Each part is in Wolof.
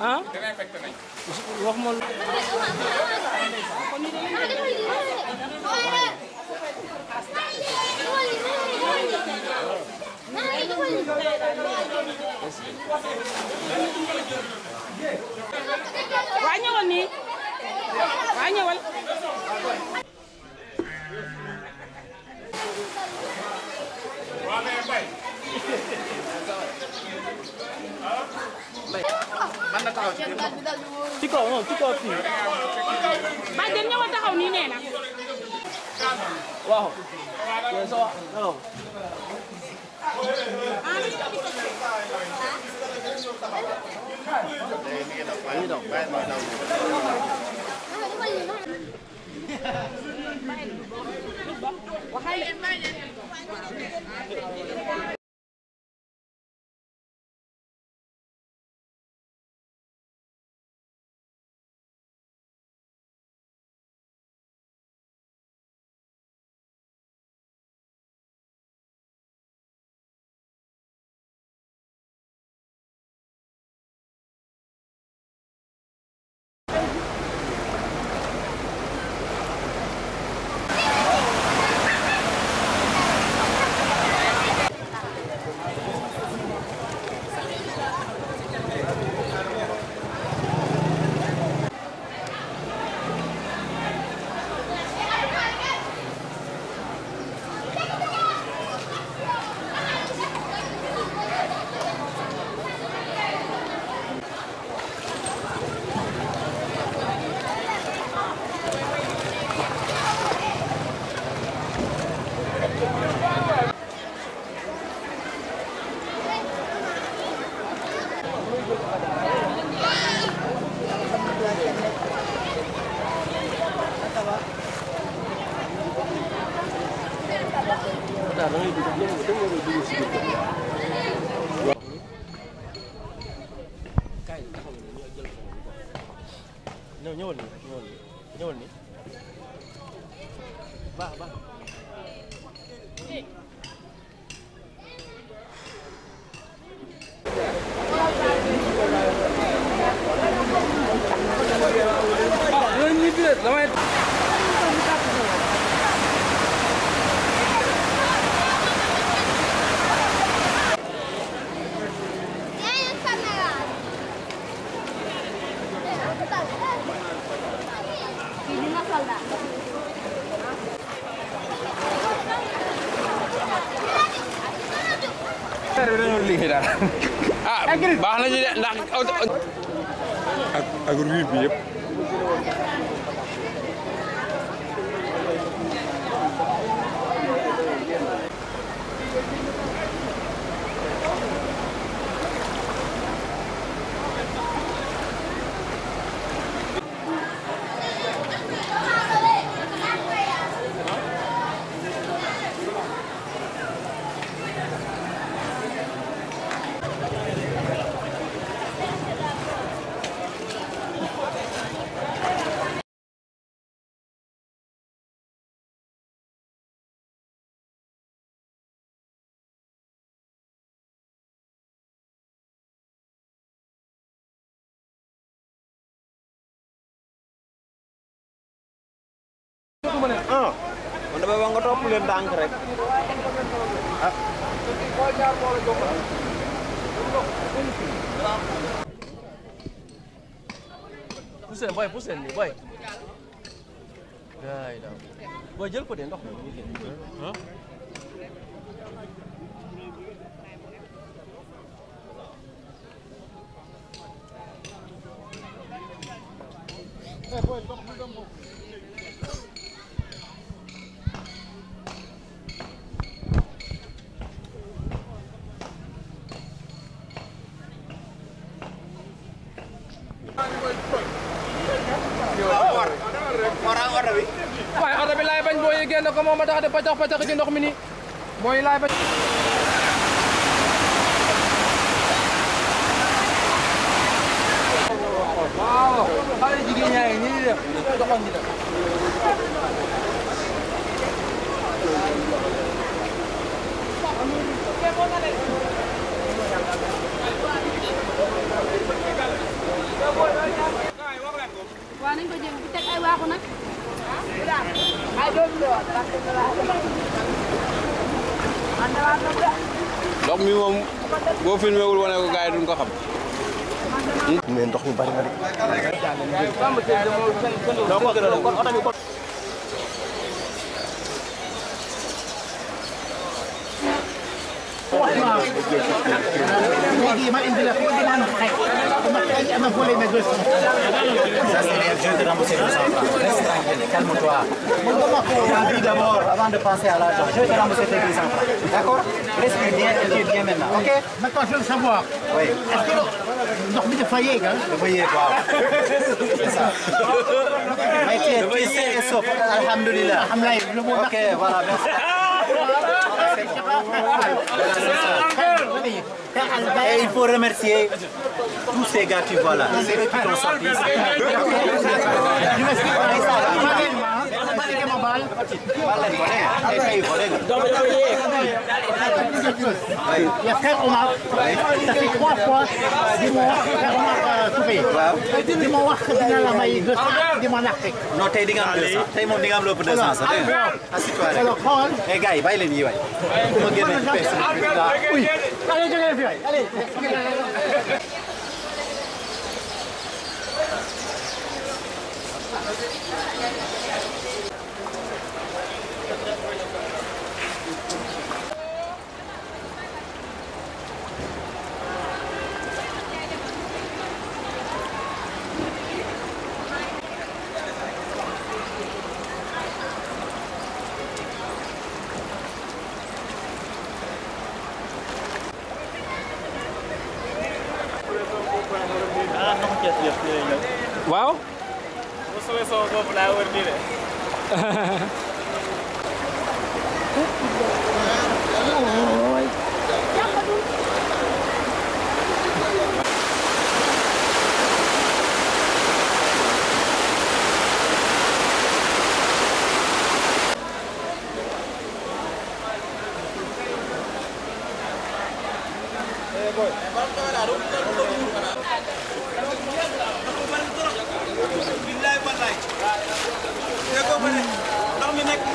ah. wax ma. waa ñëwal nii waa ñëwal. ci kaw non ci kaw fii. ba dem ñëwal taxaw nii nee na. waaw. yaakaar da ngay dugg da nga war a dugg si waaw. ah baax na ci de ndax ak bi yëpp. ah man damay wax nga topp leen ndànk rek daaw booy jël ko de ndox mi. Hey, boy, don't move, don't moo ma tax de pacax pacax ci ndox mi ni mooy laay ba jigéen ndox mi moom boo filmé wul wane ko gars yi xam. mais ndox mi bari na de. Ça, c'est les jeux de ramasser le sang. Reste tranquille, calme-toi. J'ai envie d'abord, avant de penser à l'argent, je vais ramasser tes 10 enfants. D'accord Respire bien et tu es bien maintenant, ok Maintenant, je veux savoir. Oui. Est-ce que vous dormez de foyer, hein De foyer, quoi. C'est ça. Mais tu es sain et sauf. Alhamdulillah. Ok, voilà, merci. Et il faut remercier tous ces gars qui voient là. Il y a frère Omar, ça fait trois fois, dis-moi, frère Omar Touré, dis-moi wax dina la may deux cent, dis-moi ndax teg. non tey di nga am deux cent tey moom di nga am lépp deux cent sax. assis-toi rek alors xool. eh gars yi bàyyi leen yi waay. bu ma génnee ci pêche bi. allez jógee fi waay allez. Thank you. waaw. bu soobee sama bopp laa wër nii de.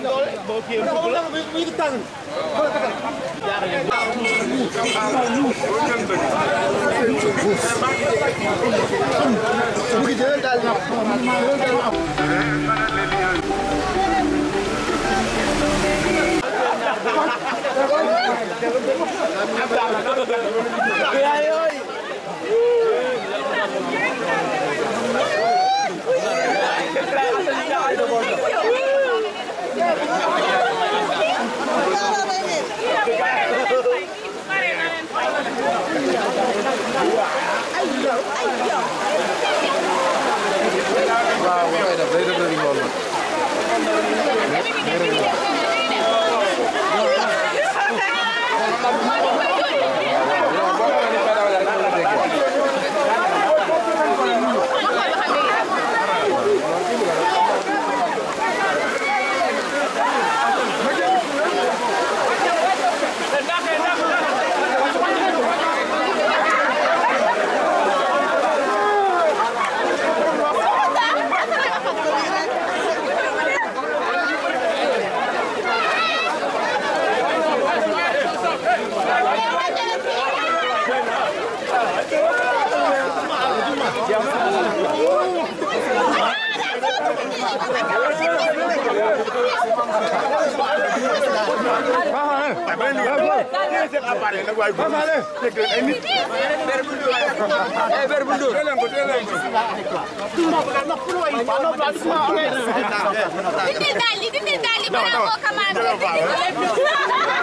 am doole boo kii yëngu la mu ngi tàng. mu ngi jëlee daal na am. seen appareil nag waaye góor ay nit. ber bu ndóor ay ber bu ndóor. délen ko délen ko. dindi daal li dindi daal li balaa moo commandé dindi ko lépp.